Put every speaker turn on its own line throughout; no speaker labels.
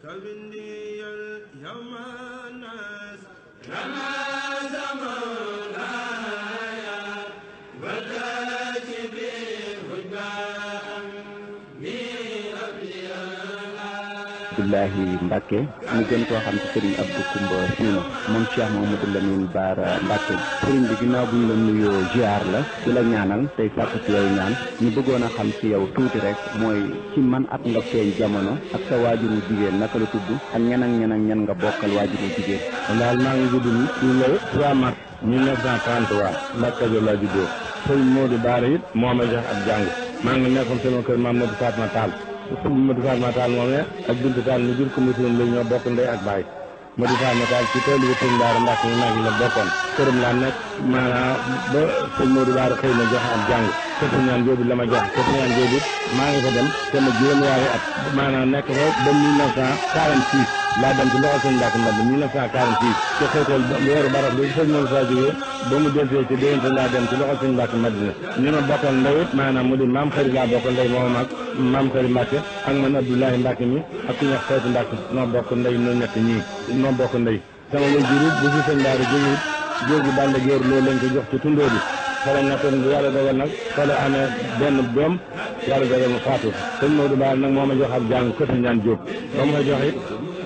Kalbin diyal yamanas Abdoulahi Mbacke ñu gën koo xam ci sëriñ Abdou Koumba Sino moom Cheikh Mamadou Lamine Baara Mbacke sëriñ bi ginnaaw bu la nuyoo ziar la di la ñaanal tey sàkku ci yow ñaan ñu bëggoon a xam ci yow tuuti rek mooy ci man at nga feeñ jamono ak sa waajuru jigéen naka la tudd ak ñan ak ñan ak ñan nga bokkal waajuru jigéen. daal maa ngi gudd ñu lay 3 mars 1933 Mbacke Diop laa juddoo sëriñ Modou Baara it moo ma jox ab jàng maa ngi nekkoon sama kër Mamadou Fatma Tall Madou Fall Matal moomee ak Bintu Tall mu jur ko mutuum la ñoo bokk ndey ak baay Madou Fall Matal ci toolu bi sëñ Baara Mbàkke mu mag la bokkoon këram laa nekk maanaam ba sëñ Modou Baara xëy na jox ab jàng kër ñaan joobu la ma jox kër ñaan joobu maa ngi fa dem te ma juróom-ñaari at maanaam nekk fa ba mille neuf cent quarante laa dem ci loxo sëñ Mbacke Mbacke 1946 ci xëytal saa jógee ba mu deltee ci déwén laa dem ci loxo sëñ Mbacke Madina ñu ma bokkal ndawit maanaam mu di maam xëri laa bokkal ndey moom ak maam xëri Mbacke ak man Abdoulahi Mbacke mi ak ku ñax xeetu Mbacke noo bokk ndey noo ñett ñii noo bokk ndey sama way jurut bu fi sëñ Daara jógee jóor gi bànd géer loolu lañ ko jox ci tundoo bi fala nekkoon yàlla dogal nag fala amee benn doom yàlla dogal mu faatu sëñ Maodo Ba nag moo ma jox ab jàng ko fi ñaan Jóob ba ma jox it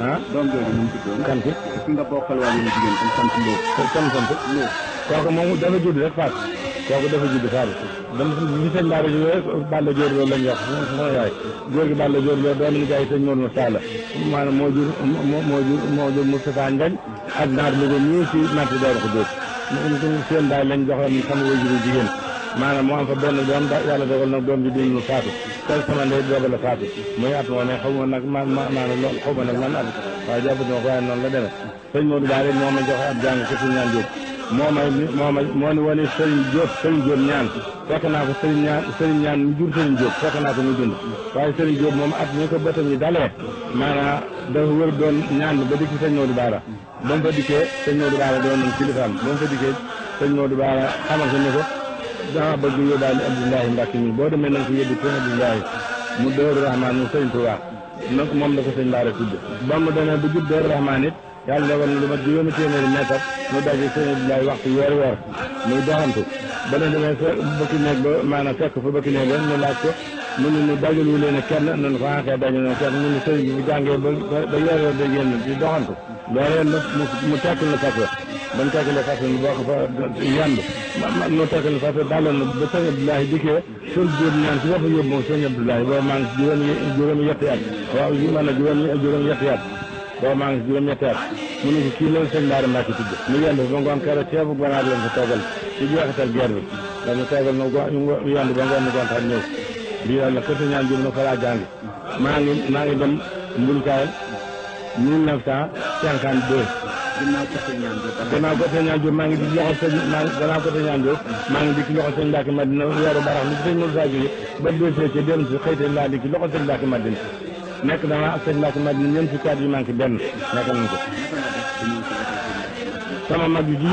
ah doom jooju nu mu tuddoon. kan fi ki nga bokkal waa yéen jigéen kon sant Lo. kon kon sant Lo. kooku moom dafa judd rek Fatou. kooku dafa judd Fatou. dama fi sëñ Ba la ñu Balla lañ wax sama yaay góor gi Balla Dior loolu doon jaay sëñ la maanaam moo jur moo jur moo jur Moustapha Ngagne ak naar Louga ñii si natt door ko dóor seen baay lañ joxoon sama wajuru jigéen maanaam mu am fa benn doom da yàlla dogal nag doom ji duñu faatu tel sama ndey booba la faatu muy at moo ne xaw ma nag man at waaye ko waaye noonu moo ma joxe ab jàng ci suñu ñaan Diop moo may moo ma moo ni wane sëriñ naa ko sëriñ ñaan sëriñ ñaan mu jur sëriñ Diop naa ko mu dund waaye sëriñ Diop moom at ñu ko bëtam yi dalee maanaam dafa wër doon ñaan ba dikk sëñ Modou Bara ba mu fa dikkee sëñ Modou Bara doon nañ kilifaam ba mu fa dikkee sëñ Modou Bara xamal ko ne ko dama ba yóbbaale Abdoulaye Mbacke mi boo demee nañ ko yóbbu ko Abdoulaye mu Dóoru Rahman mu sëñ Tuubaa nag moom la ko sëñ Baara tudd ba mu demee bu jub Dóoru Rahman it yàlla dogal na lu mat juróomi téeméeri meetar mu daje sëñ Abdoulaye waxtu weer weer muy doxantu ba ne demee fa bëkki néeg ba maanaam fekk fa bëkki néeg ba ñu laaj ko mu ne ñu dajalu leen kenn noonu ko enquête ah, dañu ne kenn mu ne sëñ bi bu jàngee ba ba weer mu mu tekkil na fekk ban teekale façon boo ko fa yànd noo teekale façon daaloon na ba sëñ Abdoulahi dikkee seen biir naan si boppam yóbbu moom sëñ Abdoulahi maa ngi si juróomi juróomi yetti at waaw ji man na juróomi maa ngi si juróomi yetti at mu ne kii loolu sëñ Baara Mbacke tudd mu yànd ba ngoon keroog ceebu ganaar lañ fa toogal ci jeexital guerre bi ba ngoon ni gontaan ñëw bii yàlla kërti ñaan jëm na fa laa maa ngi maa ngi dem mbulkaay mille neuf cent ginnaaw ko sëñ ñaan Diop. ginnaaw ko sëñ ñaan Diop maa ngi di loxo sëñ maa ngi ginnaaw ko sëñ ñaan Diop. maa ngi di ci loxo sëñ Mbacke Madina weeru barax li sëñ Moussa Diop ba si xëy laa di ci loxo sëñ Mbacke Madina nekk dama ak sëñ Mbacke Madina ñeent si cadre yu benn nekk nañ ko. sama mag yu ji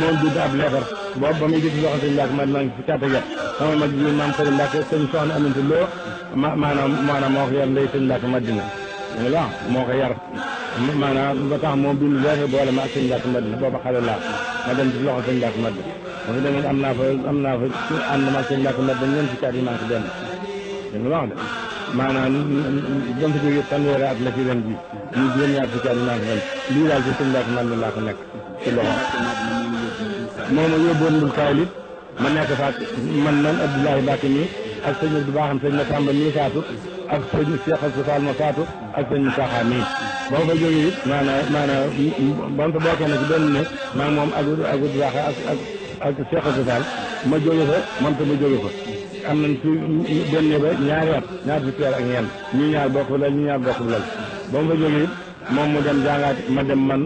moom du daab leetar boobu ba muy di ci loxo sëñ Mbacke Madina maa ngi si kàtt yàq sama mag yu jigéen maam sëñ maanaam maanaam moo ko yar ndey sëñ Mbacke Madina moo ko yar maanaam ba tax moom bi mu weesoo boole ma ak sëñ Gassama Madina booba xale laa ma dem ci loxo sëñ Gassama Madina ma fi demee am naa fa am naa fa ànd ma ak sëñ Gassama Madina ñeent fukki at yi maa ngi si benn dégg nga wax de maanaam ba mu fi jógee fanweeri at la ci ren ji ñu juróom-ñaar fukki at yi maa ngi ren lii daal ci sëñ Gassama Madina laa ko nekk ci loxo moo ma yóbboon bul kaalit ma nekk faat man man Abdoulahi Bakki mi ak sëñ Abdou Baaxam sëñ Massamba mi faatu ak sëñ Cheikh Alfa Fall ma faatu ak sëñ Moussa mii boo fa jógee it maanaam maanaam ban ko bokkee na ci benn maa moom ak ak Waxa ak ak ak Cheikh Abdou Fall ma jóge fa man ta ma jóge fa am nañ fi benn ba ñaar fukki at ak ñeent ñu ñaar bokk bu lal ñu ñaar bokk bu lal ba ma fa jógee it moom mu dem jàngaat ma dem man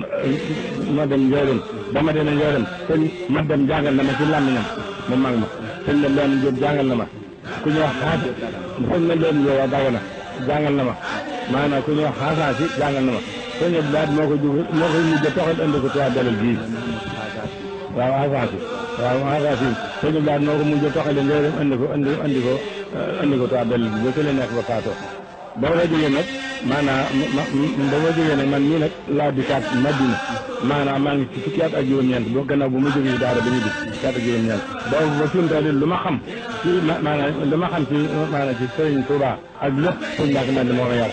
ma dem njooleen ba ma demee njooleen sëñ ma dem jàngal na ma ci mu mag ma sëñ la doon jóg jàngal na ku ñu wax xaati sëñ la waa daw na jàngal na ma maanaam ku ñuy wax xaasaa na ma sëñ Abdoulaye moo ko jóg moo koy mujj a toxal andi ko Touba Belel gii waaw xaasaa si waaw xaasaa si sëñ Abdoulaye moo ko mujj a toxal ngay ko andi andi ko andi ko Touba Belel gi ba fële nekk ba faatoo ba ma jógee nag maanaam ma ba ma jógee nag man mii nag laa di kaat Madina maanaam maa ngi ci fukki ak juróom-ñeent ba gannaaw bu ma jógee daara ba ñu gis fukki at ak juróom-ñeent donc ba fi mu toll lu ma xam ci maanaam lu ma xam ci maanaam ci sëñ Touba ak lépp sëñ Mbacke Madina moo ma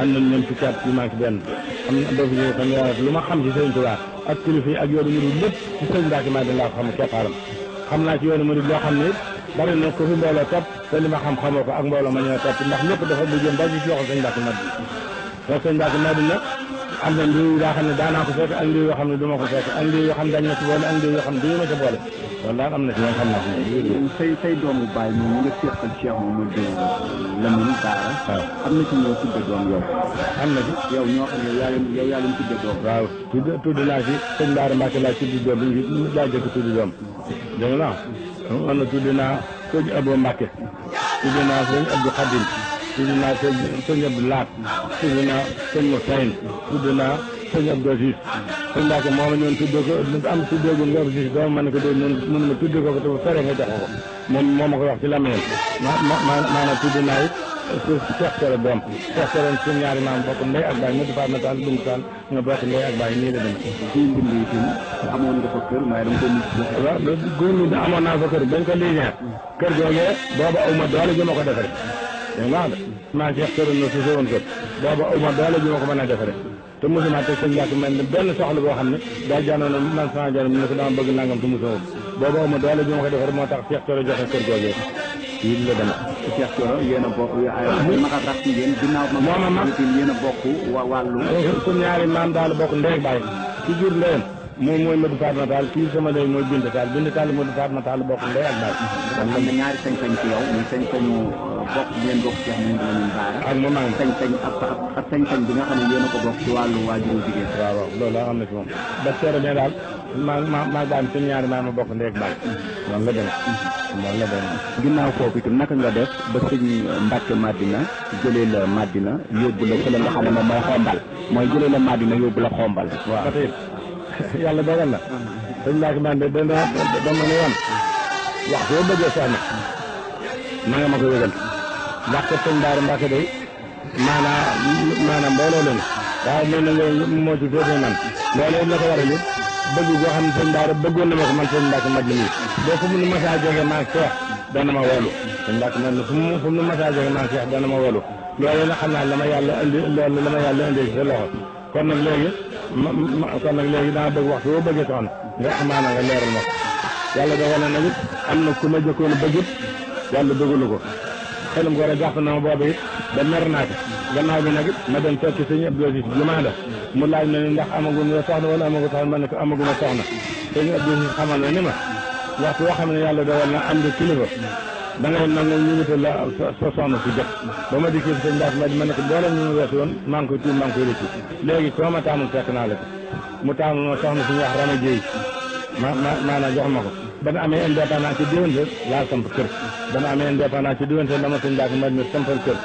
am nañ leen fukki at yu manqué benn am na doo fi ñëw tam yaa lu ma xam ci sëriñ Tuubaa ak kilifa yi ak yoonu murid lépp ci sëriñ Mbàkke maa dinaa ko xam keppaaram xam naa ci yoonu murid loo xam ne bari na ko fi mbooloo topp te li ma xam xamoo ko ak mbooloo ma ñoo topp ndax lépp dafa mujjoon ba ci loxo sëriñ Mbàkke Madina te sëriñ Mbàkke Madina am na ndiw yoo xam ne daanaa ko fekk ak ndiw yoo xam ne du ma ko fekk ak ndiw yoo xam ne dañ ma ci boole ak ndiw yoo xam ne du ma ca boole loolu daal am na ci ñoom xam naa ko moom. say say doomu baay moom ñu nga seqal Cheikh Mamadou Lamine Bara. waaw am na ci ñoo tudde doom yow. am na ci yow ñoo xam ne yow yaa leen yow yaa leen tudde doom. waaw tudd tudd naa ci sëñ Bara Mbacke laa tudd doom bi laa jëkk tudd doom. dégg nga waaw. am na tudd naa sëñ Abou Mbacke. tudd naa sëñ Abdou Khadim. tudd naa sëñ sëñ Abdou Laat. tudd naa sëñ Moussaïn. tudd naa sëñ Abdou Aziz. sëñ Mbacke moo ma ñëwoon tuddee ko am tuddee ko nga gis ko ma ne ko dee noonu mën ma tuddee ko te bu feree nga jox ko moom moo ma ko wax ci lamiñam ma ma maanaam tudd naa it su Cheikh Soro doom Cheikh Soro suñu ñaari maam bokk ndey ak baay Modou Fatma Tall Dum Tall nga bokk ndey ak baay nii la dem ci mbind yi tim amoon nga fa kër waaye dama ko mis waaw góor ñi amoon naa fa kër bañ ko liggéey kër googee booba aw ma doole ji ma ko defaree dégg nga maa Cheikh Soro no su sowoon kër booba aw ma doole ji ma ko mën a defaree te mosuma teg sëñ Mbacke mel ni benn soxla boo xam ne daa janoon man sama jano mu ne ko dama bëgg nangam te mosuma boobu aw ma doole bi ma ko defar moo tax Cheikh Thioro joxe kër googee yi la dama Cheikh Thioro yéen a bokk moo ma mag yéen a bokk wàllu eh, su ñaari maam daal bokk ndey baay ci jur ndeyam moom mooy Modou Fatma Tall kii sama ndey mooy Binta bokk bi ngeen bokk Cheikh Mouhamadou Lamine Bara. ak bi nga xam ne a ko bokk ci wàllu waajuru jigéen. waaw waaw loolu laa xam ne ci moom. ba seero ne daal maa maa maa daan suñu ñaari maa ma bokk ndéeg baay. noonu noonu la demee. ginnaaw foofu itam naka nga def ba sëñ Mbacke Madina jëlee la Madina yóbbu la fële nga xam ne moom mooy xombal mooy jëlee la Madina yóbbu la xombal. waaw ba tey yàlla dogal na. sëñ Mbacke Madina dana dana ne woon. wax boo bëggee soxna maa nga ma ko yëgal ndax ko sëñ Daaru Mbàkke day maanaam maanaam mbooloo leen waaye mel na nga moo ci féete man loolu la ko waral it bëgg goo xam ne sëñ Daaru bëggoon na ma ko man sëñ Mbàkke mag mi boo fu mu nu masaa joxe maa seex dana ma woolu sëñ Mbàkke mel na fu mu fu mu nu masaa joxe maa seex dana ma woolu loolu la xam naa la ma yàlla indi loolu la ma yàlla indi ci sa loxo kon nag léegi ma kon nag léegi dama bëgg waxtu boo bëggee toon nga amaana nga leeral ma yàlla dogal na nag it am na ku ma jëkkoon bëgg it yàlla bëggulu ko xelum ko rek na ma boobu it ba mer naa ko gannaaw bi nag ma dem toog ci sëñ Abdou Aziz mu laaj ma ni ndax amagu ma soxna wala amagu soxna ma ne ko amagu ma soxna sëñ Abdou Aziz xamal na ni ma waxtu boo xam ne yàlla dogal na am di kilifa da ngay nangu ñu wutal la sa soxna si jot ba ma dikkee sëñ Bass ma di ma ne ko boolem ñu ma weesu woon maa ngi koy tuub maa ngi koy rëccu léegi koo ma taamul fekk naa la mu taamul ma soxna suñu wax Rama Jéy ma ma maanaam jox ma ko dana amee indépendance ci diwante laa samp kër dana amee indépendance ci diwante dama suñ daak maj mi sampal kër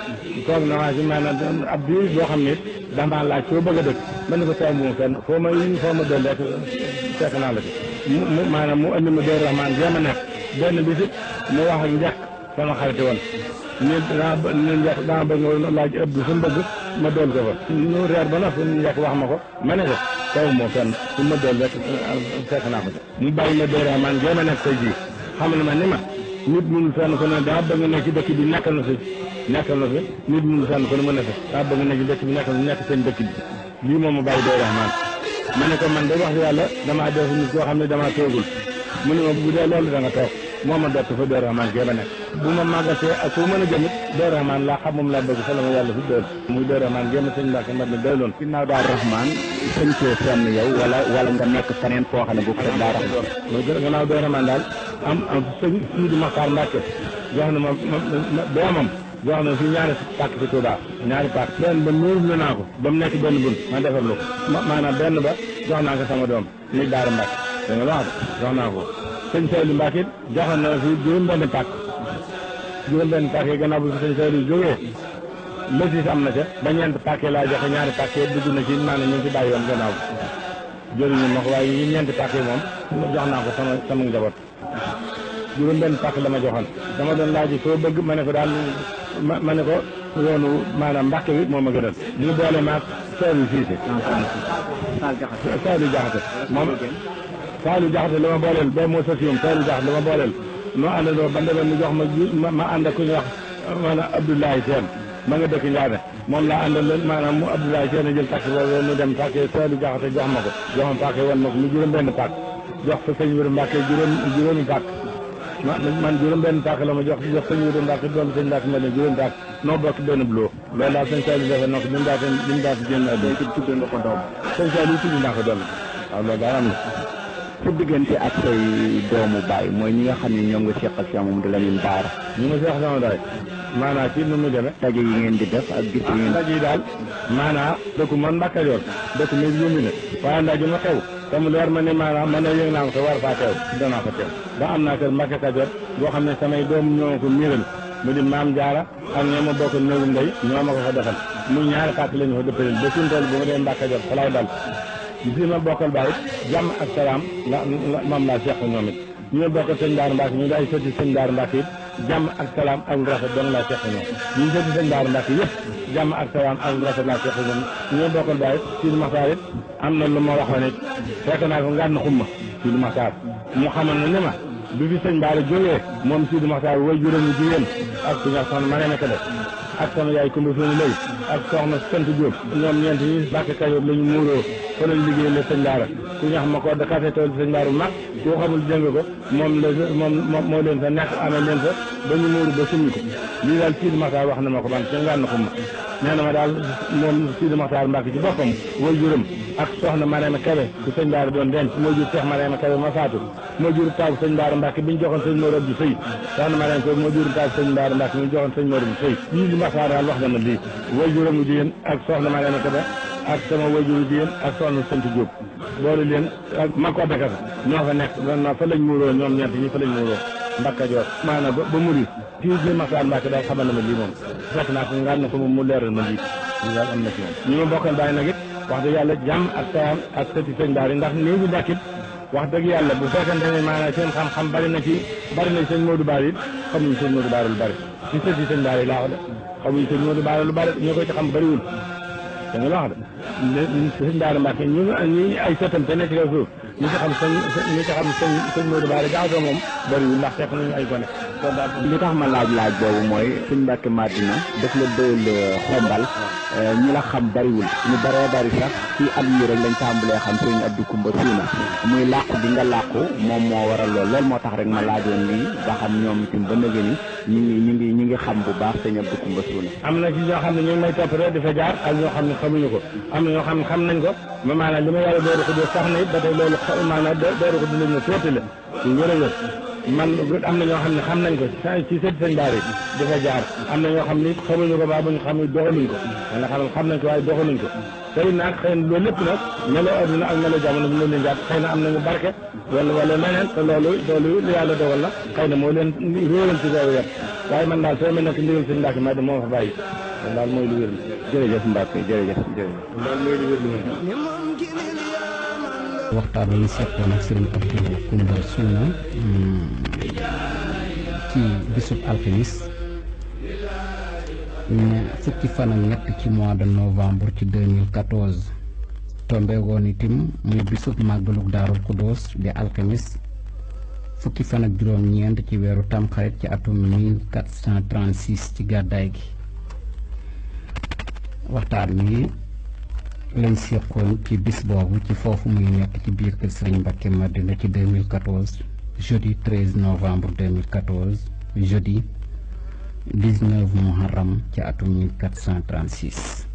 toog na waa si maanaam ab diir boo xam ne damaa laaj foo bëgg a dëkk man ni ko tay mum fenn foo ma foo ma doon rek naa la fi mu maanaam mu andi ma door rahman a nekk benn bisi mu wax ak njëkk sama xarit woon ñu daa ñu njëkk dama bëgg nga laaj ëpp bi su mu bëgg ma doon ko fa ñu reer ba noppi njëkk wax ma ko ma ne ko teew moo kenn su ma doon rek fekk naa ko de mu bàyyi ma doora man gën a nekk sa ji xamal ma ni ma nit mënul fenn ko a daa bëgg nekk ci dëkk bi nekkal na fi nekkal na fi nit mënul fenn ko ne ma ne fi daa bëgg nekk ci dëkk bi nekkal nekk seen dëkk bi lii moom ma bàyyi doora man ma ne ko man de wax yàlla damaa def nit koo xam ne damaa toogul mu ne ma bu dee loolu da toog moo ma bett fa Daaru Rahmaan gee ma nekk bu ma màggatee ak fu mën a jëmit Daaru Rahmaan laa xam moom laa bëgg fa la ma yàlla fi doon muy Daaru Rahmaan gee a sëñ Mbàkke mbat mi doy loon ginnaaw Daaru Rahmaan sëñ koo fenn yow wala wala nga nekk feneen xam ne bu ko Daaru Rahmaan mooy ginnaaw Daaru Rahmaan daal am am sëñ Sidi Maxtaar Mbàkke jox na ma doomam jox na fi ñaari pàkk ci Touba ñaari pàkk benn ba nuurlu naa ko ba mu nekk benn bun ma defar lu maanaam benn ba jox naa ka sama doom muy Daara Mbàkke da nga wax naa ko sëñ Saliou Mbacke joxoon na la fi juróom-benn pàkk juróom-benn pàkk yi gannaaw bi fi sëñ Saliou jógee lësis am na ca ba ñeent pàkk laa joxe ñaari pàkk dugg na ci maanaam ñu ngi ci bàyyi woon gannaaw jëriñu ma ko waaye yi ñeenti pàkk yi moom jox naa ko sama sama njaboot juróom-benn pàkk dama joxoon dama doon laaj soo bëgg ma ne ko daal ma ne ko yoonu maanaam mbàkk bi moom a gënal ñu boole maag Saliou Cissé Saliou Jaxate moom Saalu Jaxate la ma booleel ba moo sës yoon Saalu Jaxate la ma booleel noo àndandoo ba ndebe mu jox ma ma ànd ak ku ñuy wax maanaam Abdoulaye Sène ma nga dëkk Ndiané moom laa àndal leen maanaam mu Abdoulaye Sène jël takk boobu mu dem pàkkee Saalu Jaxate jox ma ko jox ma pàkkee wan ma ko mu juróom benn pàkk jox ko sëñ Wéru Mbàkke juróom juróomi pàkk man juróom benn pàkk la ma jox jox sëñ Wéru Mbàkke doom sëñ Mbàkke ma ne juróom pàkk noo bokk benn buloo loolu daal sëñ Saalu defe na ko bi mu daate bi mu daate génn àdduna tudde nga ko doom sëñ Saalu tudde naa ko doom waaw loolu daal am na sa diggante ak say doomu baay mooy ñi nga xam ne ñoom nga seqal si moom du la ñuy baara. ñu ma seq sama daay maanaa si nu mu demee. daje yi ngeen di def ak gis ah, yi daal maanaa dëkk man Mbàkke Kajoor dëkk mi yómbi na waaye ndaje ma xew sama leer ma ne maanaam ma ne yëg naa ko war faa teew danaa fa teew ba am naa kër Mbàkke Kajoor boo xam ne samay doom ñoo ko miiral mu di maam jaara ak ñoo ma bokk néegu ndey ñoo ma ko fa defal muy ñaari fàtt la ñu fa dëppaleel ba suñu tool bu ma di ma bokkal bàyyi jàmm ak salaam la moom laa seq ñoom it ñi ma bokkal sëñ Daaru Mbàkke ñu daay sëti sëñ Daaru Mbàkke it jàmm ak salaam ak lu rafet dong laa seq ñoom ñi ñu sëti sëñ Daaru Mbàkke yëpp jàmm ak salaam ak lu rafet laa seq ñoom ñi ma bokkal bàyyi Sidi Maxtaar it am na lu ma waxoon it fekk naa ko ngànn xumma Sidi Maxtaar ñu xamal na ni ma bi fi sëñ Baara jógee moom Sidi Maxtaar way juróom ñu jigéen ak suñu soxna ma ne ko def ak sama yaay Kumba Fene Lay ak soxna sant Diop ñoom ñeent ñi Mbàkke Kajoor la ñu muuroo fa la liggéey la sëñ a ku ñu xam ma ko dakaate tool bi sëñ bu mag boo xamul jëng ko moom la moom moo leen fa nekk amee leen fa ba ñu muuru ba suñu ko lii daal Sidi Maxtaar wax na ma ko man seen ngaan na ko ma nee na ma daal moom Sidi Maxtaar Mbàkke ci boppam way juram ak soxna Mariama Kebe bu sëñ doon denc moo jur Seex Mariama Kebe ma faatu moo jur taw sëñ Daara bi ñu joxoon sëñ Mor Abdou Sëy soxna Mariama Kebe moo jur taw sëñ Daara Mbàkke bi ñu joxoon sëñ Mor Abdou Sëy na ma lii way Kebe ak sama wajur jigéen ak soxna sant Diop boole leen ak Mako Dakar ñoo fa nekk na fa lañ muuroo ñoom ñett ñi fa lañ muuroo Mbacke Diop maanaam ba ba muri fii bi Massa Mbacke daal xamal na ma lii moom fekk naa ko ngaan na ko mu leeral ma lii ñu daal am na moom ñi ma bokkal bàyyi nag it wax dëgg yàlla jàmm ak saam ak sëti sëñ Baar yi ndax wax dëgg yàlla bu fekkente ne maanaam seen xam-xam bari na ci bari na sëñ Modou Baar it xamuñ sëñ Modou Baar lu bari ci sëti sëñ Baar yi laa ko def xamuñ sëñ Modou Baar lu bari ñoo ko ci xam da nga wax de sëñ Daara Mbacke ñu ñu ay sottam te nekk ci kaw suuf ñi ci xam sëñ ñi ci xam sëñ sëñ Modou Bara Diakhou moom bëriwul ndax fekk nañu ay gone li tax ma laaj laaj boobu mooy suñ mbàkke Madina daf la doyal euh, xombal euh, ñi la xam bariwul ñu baree bari sax ci at yi rek lañ tàmbalee xam sëñ Abdou Koumba Suuna muy làqu bi nga làqu moom moo war lool loolu moo tax rek ma laajoon lii ba xam ñoom itam ba nëgë ni ñu ngi ñu ngi ñu ngi xam bu baax sëñ Abdou Koumba Suuna am na ci ñoo xam ne ñu ngi may topp rek di fa jaar ak ñoo xam ne xamuñu ko am na ñoo xam ne xam nañ ko ma maanaam li ma yàlla dooru ko dee sax na man am na ñoo xam ne xam nañ ko sa ci sët sëñ Baara jaar am na ñoo xam ne xamuñu ko baa buñ xamuñ doxaluñ ko wala xam xam nañ ko waaye doxaluñ ko tey nag xëy na loolu lépp nag meloo adduna ak meloo jamono bi ñu leen jàpp xëy na am nañu barke wala wala leneen te loolu lu yàlla dogal la xëy na moo leen réeran si boobu waaye man daal soo mel ne que ndigal sëñ Mbacke ma da moo fa bàyyi man daal mooy lu wér jërëjëf Mbacke jërëjëf jërëjëf daal mooy lu wér waxtaan wi ñu seqoon ak sëriñ Abdou Koumba Suuna mm, ci bisub alxamis fukki fan ak ci mois de novembre ci 2014 tombeegoon itim muy bisub màggalug daarul Kudoos di alxamis fukki fan ak juróom-ñeent ci weeru tamxarit ci atum 1436 ci gàddaay gi waxtaan wi. lañ seqoon ci bis boobu ci foofu muy nekk ci biir kër Serigne Mbacké Madina ci 2014 jeudi 13 novembre 2014 jeudi 19 muharram ci atum 1436